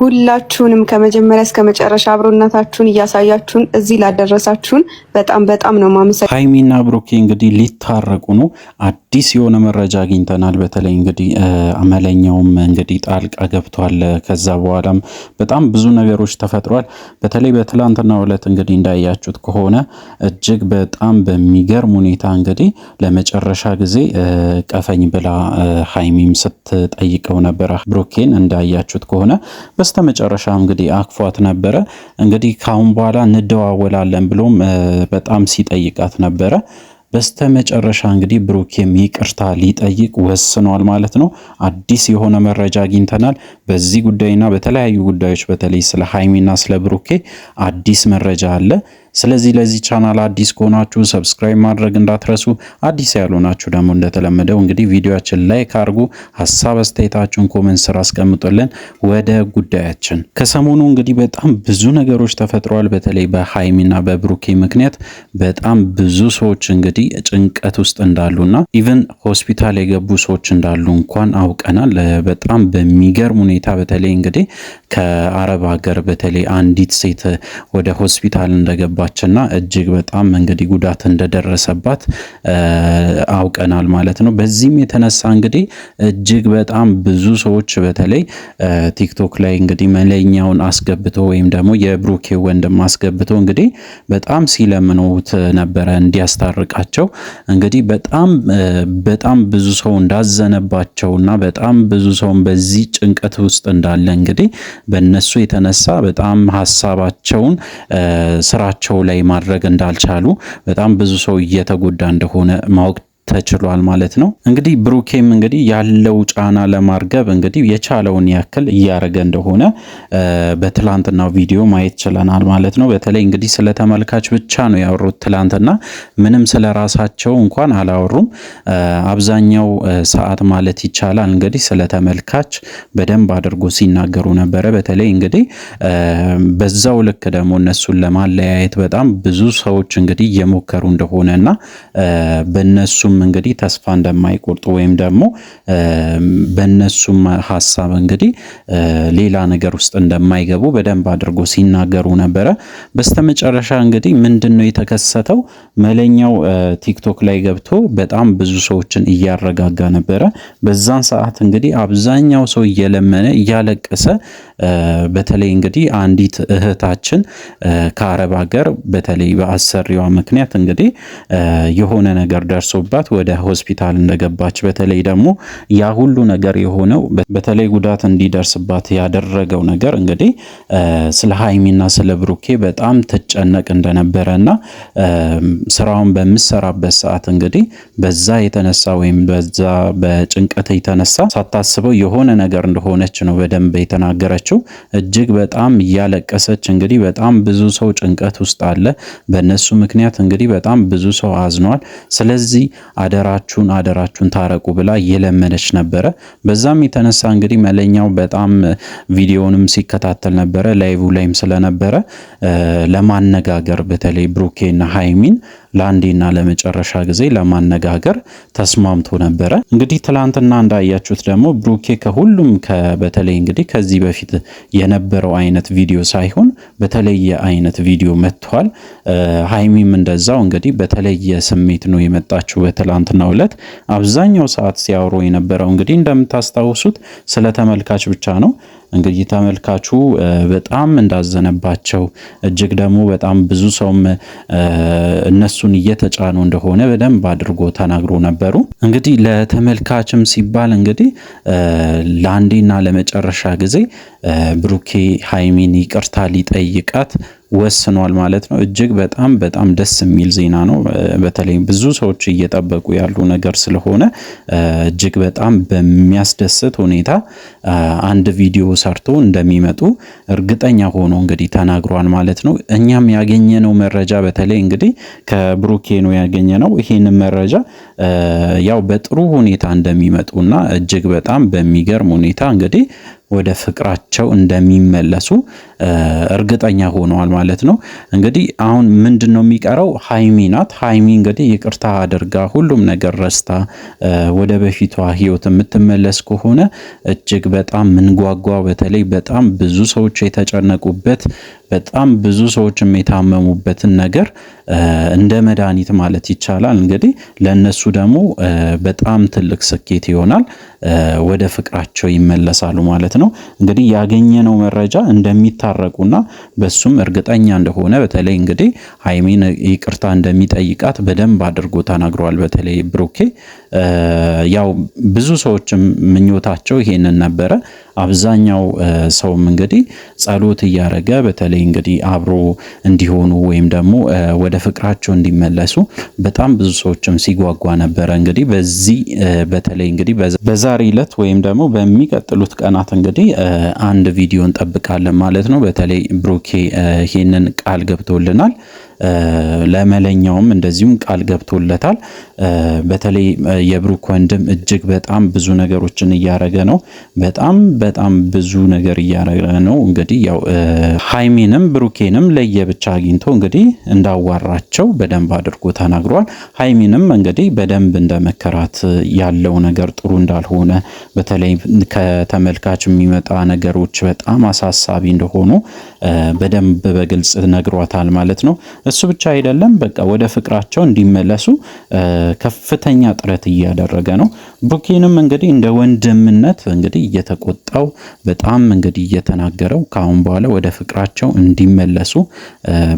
ሁላችሁንም ከመጀመሪያ እስከ መጨረሻ አብሮነታችሁን እያሳያችሁን እዚህ ላደረሳችሁን በጣም በጣም ነው ማመሰ ሀይሚና ብሩኬ እንግዲህ ሊታረቁ ነው። አዲስ የሆነ መረጃ አግኝተናል። በተለይ እንግዲህ አመለኛውም እንግዲህ ጣልቃ ገብቷል። ከዛ በኋላም በጣም ብዙ ነገሮች ተፈጥሯል። በተለይ በትላንትና ዕለት እንግዲህ እንዳያችሁት ከሆነ እጅግ በጣም በሚገርም ሁኔታ እንግዲህ ለመጨረሻ ጊዜ ቀፈኝ ብላ ሀይሚም ስትጠይቀው ነበረ ብሩኬን እንዳያችሁት ከሆነ በስተመጨረሻ እንግዲህ አክፏት ነበረ። እንግዲህ ካሁን በኋላ እንደዋወላለን ብሎም በጣም ሲጠይቃት ነበረ። በስተመጨረሻ እንግዲህ ብሩኬም ይቅርታ ሊጠይቅ ወስኗል ማለት ነው። አዲስ የሆነ መረጃ አግኝተናል። በዚህ ጉዳይና በተለያዩ ጉዳዮች በተለይ ስለ ሀይሚና ስለ ብሩኬ አዲስ መረጃ አለ። ስለዚህ ለዚህ ቻናል አዲስ ከሆናችሁ ሰብስክራይብ ማድረግ እንዳትረሱ። አዲስ ያልሆናችሁ ደግሞ እንደተለመደው እንግዲህ ቪዲዮችን ላይክ አድርጉ፣ ሀሳብ አስተያየታችሁን ኮሜንት ስራ አስቀምጡልን። ወደ ጉዳያችን ከሰሞኑ እንግዲህ በጣም ብዙ ነገሮች ተፈጥረዋል። በተለይ በሀይሚና በብሩኬ ምክንያት በጣም ብዙ ሰዎች እንግዲህ ጭንቀት ውስጥ እንዳሉና ኢቨን ሆስፒታል የገቡ ሰዎች እንዳሉ እንኳን አውቀናል። በጣም በሚገርም ሁኔታ በተለይ እንግዲህ ከአረብ ሀገር በተለይ አንዲት ሴት ወደ ሆስፒታል እንደገባ እንደተሰባችና እጅግ በጣም እንግዲህ ጉዳት እንደደረሰባት አውቀናል ማለት ነው። በዚህም የተነሳ እንግዲህ እጅግ በጣም ብዙ ሰዎች በተለይ ቲክቶክ ላይ እንግዲህ መለኛውን አስገብቶ ወይም ደግሞ የብሩኬ ወንድም አስገብቶ እንግዲህ በጣም ሲለምኑት ነበረ እንዲያስታርቃቸው እንግዲህ በጣም በጣም ብዙ ሰው እንዳዘነባቸውና በጣም ብዙ ሰውን በዚህ ጭንቀት ውስጥ እንዳለ እንግዲህ በነሱ የተነሳ በጣም ሀሳባቸውን ስራቸው ራሳቸው ላይ ማድረግ እንዳልቻሉ በጣም ብዙ ሰው እየተጎዳ እንደሆነ ማወቅ ተችሏል ማለት ነው። እንግዲህ ብሩኬም እንግዲህ ያለው ጫና ለማርገብ እንግዲህ የቻለውን ያክል እያደረገ እንደሆነ በትላንትናው ቪዲዮ ማየት ችለናል ማለት ነው። በተለይ እንግዲህ ስለ ተመልካች ብቻ ነው ያወሩት። ትላንትና ምንም ስለ ራሳቸው እንኳን አላወሩም። አብዛኛው ሰዓት ማለት ይቻላል እንግዲህ ስለ ተመልካች በደንብ አድርጎ ሲናገሩ ነበረ። በተለይ እንግዲህ በዛው ልክ ደግሞ እነሱን ለማለያየት በጣም ብዙ ሰዎች እንግዲህ እየሞከሩ እንደሆነ እና በነሱም እንግዲህ ተስፋ እንደማይቆርጡ ወይም ደግሞ በእነሱም ሀሳብ እንግዲህ ሌላ ነገር ውስጥ እንደማይገቡ በደንብ አድርጎ ሲናገሩ ነበረ። በስተመጨረሻ እንግዲህ ምንድን ነው የተከሰተው? መለኛው ቲክቶክ ላይ ገብቶ በጣም ብዙ ሰዎችን እያረጋጋ ነበረ። በዛን ሰዓት እንግዲህ አብዛኛው ሰው እየለመነ እያለቀሰ በተለይ እንግዲህ አንዲት እህታችን ከአረብ ሀገር በተለይ በአሰሪዋ ምክንያት እንግዲህ የሆነ ነገር ደርሶባት ወደ ሆስፒታል እንደገባች በተለይ ደግሞ ያ ሁሉ ነገር የሆነው በተለይ ጉዳት እንዲደርስባት ያደረገው ነገር እንግዲህ ስለ ሀይሚና ስለ ብሩኬ በጣም ትጨነቅ እንደነበረ እና ስራውን በምሰራበት ሰዓት እንግዲህ በዛ የተነሳ ወይም በዛ በጭንቀት የተነሳ ሳታስበው የሆነ ነገር እንደሆነች ነው በደንብ የተናገረችው። የነበረችው እጅግ በጣም እያለቀሰች እንግዲህ በጣም ብዙ ሰው ጭንቀት ውስጥ አለ። በእነሱ ምክንያት እንግዲህ በጣም ብዙ ሰው አዝኗል። ስለዚህ አደራችሁን አደራችሁን ታረቁ ብላ እየለመነች ነበረ። በዛም የተነሳ እንግዲህ መለኛው በጣም ቪዲዮንም ሲከታተል ነበረ ላይቭ ላይም ስለነበረ ለማነጋገር በተለይ ብሩኬና ሃይሚን ለአንዴና ለመጨረሻ ጊዜ ለማነጋገር ተስማምቶ ነበረ። እንግዲህ ትላንትና እንዳያችሁት ደግሞ ብሩኬ ከሁሉም በተለይ እንግዲህ ከዚህ በፊት የነበረው አይነት ቪዲዮ ሳይሆን በተለየ አይነት ቪዲዮ መጥቷል። ሀይሚም እንደዛው እንግዲህ በተለየ ስሜት ነው የመጣችው። በትላንትናው ዕለት አብዛኛው ሰዓት ሲያወሩ የነበረው እንግዲህ እንደምታስታውሱት ስለ ተመልካች ብቻ ነው። እንግዲህ ተመልካቹ በጣም እንዳዘነባቸው እጅግ ደግሞ በጣም ብዙ ሰውም እነሱ እነሱን እየተጫኑ እንደሆነ በደንብ አድርጎ ተናግሮ ነበሩ። እንግዲህ ለተመልካችም ሲባል እንግዲህ ለአንዴና ለመጨረሻ ጊዜ ብሩኬ ሀይሚን ይቅርታ ሊጠይቃት ወስኗል ማለት ነው። እጅግ በጣም በጣም ደስ የሚል ዜና ነው። በተለይ ብዙ ሰዎች እየጠበቁ ያሉ ነገር ስለሆነ እጅግ በጣም በሚያስደስት ሁኔታ አንድ ቪዲዮ ሰርቶ እንደሚመጡ እርግጠኛ ሆኖ እንግዲህ ተናግሯል ማለት ነው። እኛም ያገኘነው መረጃ በተለይ እንግዲህ ከብሩኬ ነው ያገኘነው ይህን መረጃ ያው በጥሩ ሁኔታ እንደሚመጡና እጅግ በጣም በሚገርም ሁኔታ እንግዲህ ወደ ፍቅራቸው እንደሚመለሱ እርግጠኛ ሆነዋል ማለት ነው። እንግዲህ አሁን ምንድን ነው የሚቀረው? ሀይሚ ናት። ሀይሚ እንግዲህ ይቅርታ አድርጋ ሁሉም ነገር ረስታ ወደ በፊቷ ህይወት የምትመለስ ከሆነ እጅግ በጣም ምንጓጓ፣ በተለይ በጣም ብዙ ሰዎች የተጨነቁበት በጣም ብዙ ሰዎችም የታመሙበትን ነገር እንደ መድኃኒት ማለት ይቻላል እንግዲህ ለእነሱ ደግሞ በጣም ትልቅ ስኬት ይሆናል። ወደ ፍቅራቸው ይመለሳሉ ማለት ነው። እንግዲህ ያገኘነው መረጃ እንደሚታረቁና በሱም እርግጠኛ እንደሆነ በተለይ እንግዲህ ሀይሜን ይቅርታ እንደሚጠይቃት በደንብ አድርጎ ተናግረዋል። በተለይ ብሩኬ ያው ብዙ ሰዎችም ምኞታቸው ይሄንን ነበረ። አብዛኛው ሰውም እንግዲህ ጸሎት እያደረገ በተለይ እንግዲህ አብሮ እንዲሆኑ ወይም ደግሞ ወደ ፍቅራቸው እንዲመለሱ በጣም ብዙ ሰዎችም ሲጓጓ ነበረ። እንግዲህ በዚህ በተለይ እንግዲህ በዛሬ ዕለት ወይም ደግሞ በሚቀጥሉት ቀናት እንግዲህ አንድ ቪዲዮ እንጠብቃለን ማለት ነው። በተለይ ብሩኬ ይህንን ቃል ገብቶልናል። ለመለኛውም እንደዚሁም ቃል ገብቶለታል። በተለይ የብሩክ ወንድም እጅግ በጣም ብዙ ነገሮችን እያረገ ነው። በጣም በጣም ብዙ ነገር እያረገ ነው። እንግዲህ ያው ሀይሜንም ብሩኬንም ለየብቻ አግኝቶ እንግዲህ እንዳዋራቸው በደንብ አድርጎ ተናግሯል። ሀይሚንም እንግዲህ በደንብ እንደመከራት ያለው ነገር ጥሩ እንዳልሆነ በተለይ ከተመልካች የሚመጣ ነገሮች በጣም አሳሳቢ እንደሆኑ በደንብ በግልጽ ነግሯታል ማለት ነው። እሱ ብቻ አይደለም፣ በቃ ወደ ፍቅራቸው እንዲመለሱ ከፍተኛ ጥረት እያደረገ ነው። ቡኪንም እንግዲህ እንደ ወንድምነት እንግዲህ እየተቆጣው በጣም እንግዲህ እየተናገረው ከአሁን በኋላ ወደ ፍቅራቸው እንዲመለሱ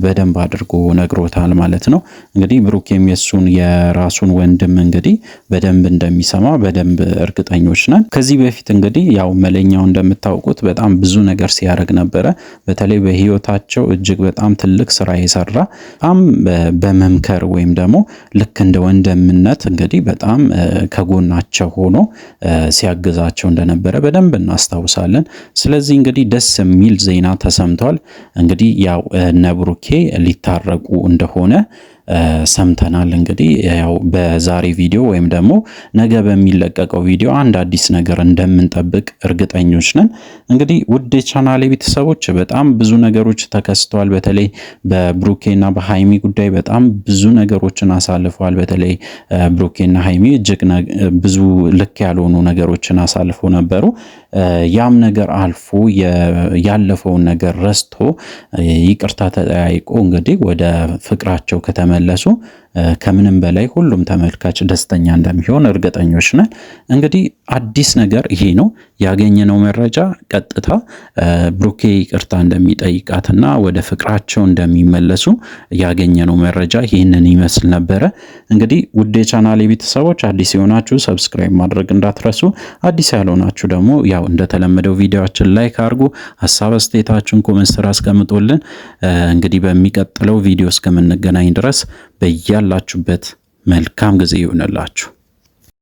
በደንብ አድርጎ ነግሮታል ማለት ነው። እንግዲህ ብሩኬም የሱን የራሱን ወንድም እንግዲህ በደንብ እንደሚሰማ በደንብ እርግጠኞች ነን። ከዚህ በፊት እንግዲህ ያው መለኛው እንደምታውቁት በጣም ብዙ ነገር ሲያደርግ ነበረ። በተለይ በህይወታቸው እጅግ በጣም ትልቅ ስራ የሰራ በጣም በመምከር ወይም ደግሞ ልክ እንደ ወንድምነት እንግዲህ በጣም ከጎናቸው ሆኖ ሲያግዛቸው እንደነበረ በደንብ እናስታውሳለን። ስለዚህ እንግዲህ ደስ የሚል ዜና ተሰምቷል። እንግዲህ ያው እነ ብሩኬ ሊታረቁ እንደሆነ ሰምተናል። እንግዲህ ያው በዛሬ ቪዲዮ ወይም ደግሞ ነገ በሚለቀቀው ቪዲዮ አንድ አዲስ ነገር እንደምንጠብቅ እርግጠኞች ነን። እንግዲህ ውድ ቻናሌ ቤተሰቦች በጣም ብዙ ነገሮች ተከስተዋል። በተለይ በብሩኬና በሃይሚ ጉዳይ በጣም ብዙ ነገሮችን አሳልፈዋል። በተለይ ብሩኬና ሃይሚ እጅግ ብዙ ልክ ያልሆኑ ነገሮችን አሳልፎ ነበሩ። ያም ነገር አልፎ ያለፈውን ነገር ረስቶ ይቅርታ ተጠያይቆ እንግዲህ ወደ ፍቅራቸው ከተመለሱ ከምንም በላይ ሁሉም ተመልካች ደስተኛ እንደሚሆን እርግጠኞች ነን። እንግዲህ አዲስ ነገር ይሄ ነው ያገኘነው መረጃ። ቀጥታ ብሩኬ ይቅርታ እንደሚጠይቃትና ወደ ፍቅራቸው እንደሚመለሱ ያገኘነው መረጃ ይህንን ይመስል ነበረ። እንግዲህ ውድ የቻናሌ ቤተሰቦች አዲስ የሆናችሁ ሰብስክራይብ ማድረግ እንዳትረሱ፣ አዲስ ያልሆናችሁ ደግሞ ያው እንደተለመደው ቪዲዮችን ላይክ አድርጉ፣ ሀሳብ አስተያየታችሁን ኮሜንት ስራ አስቀምጡልን። እንግዲህ በሚቀጥለው ቪዲዮ እስከምንገናኝ ድረስ በያላችሁበት መልካም ጊዜ ይሆንላችሁ።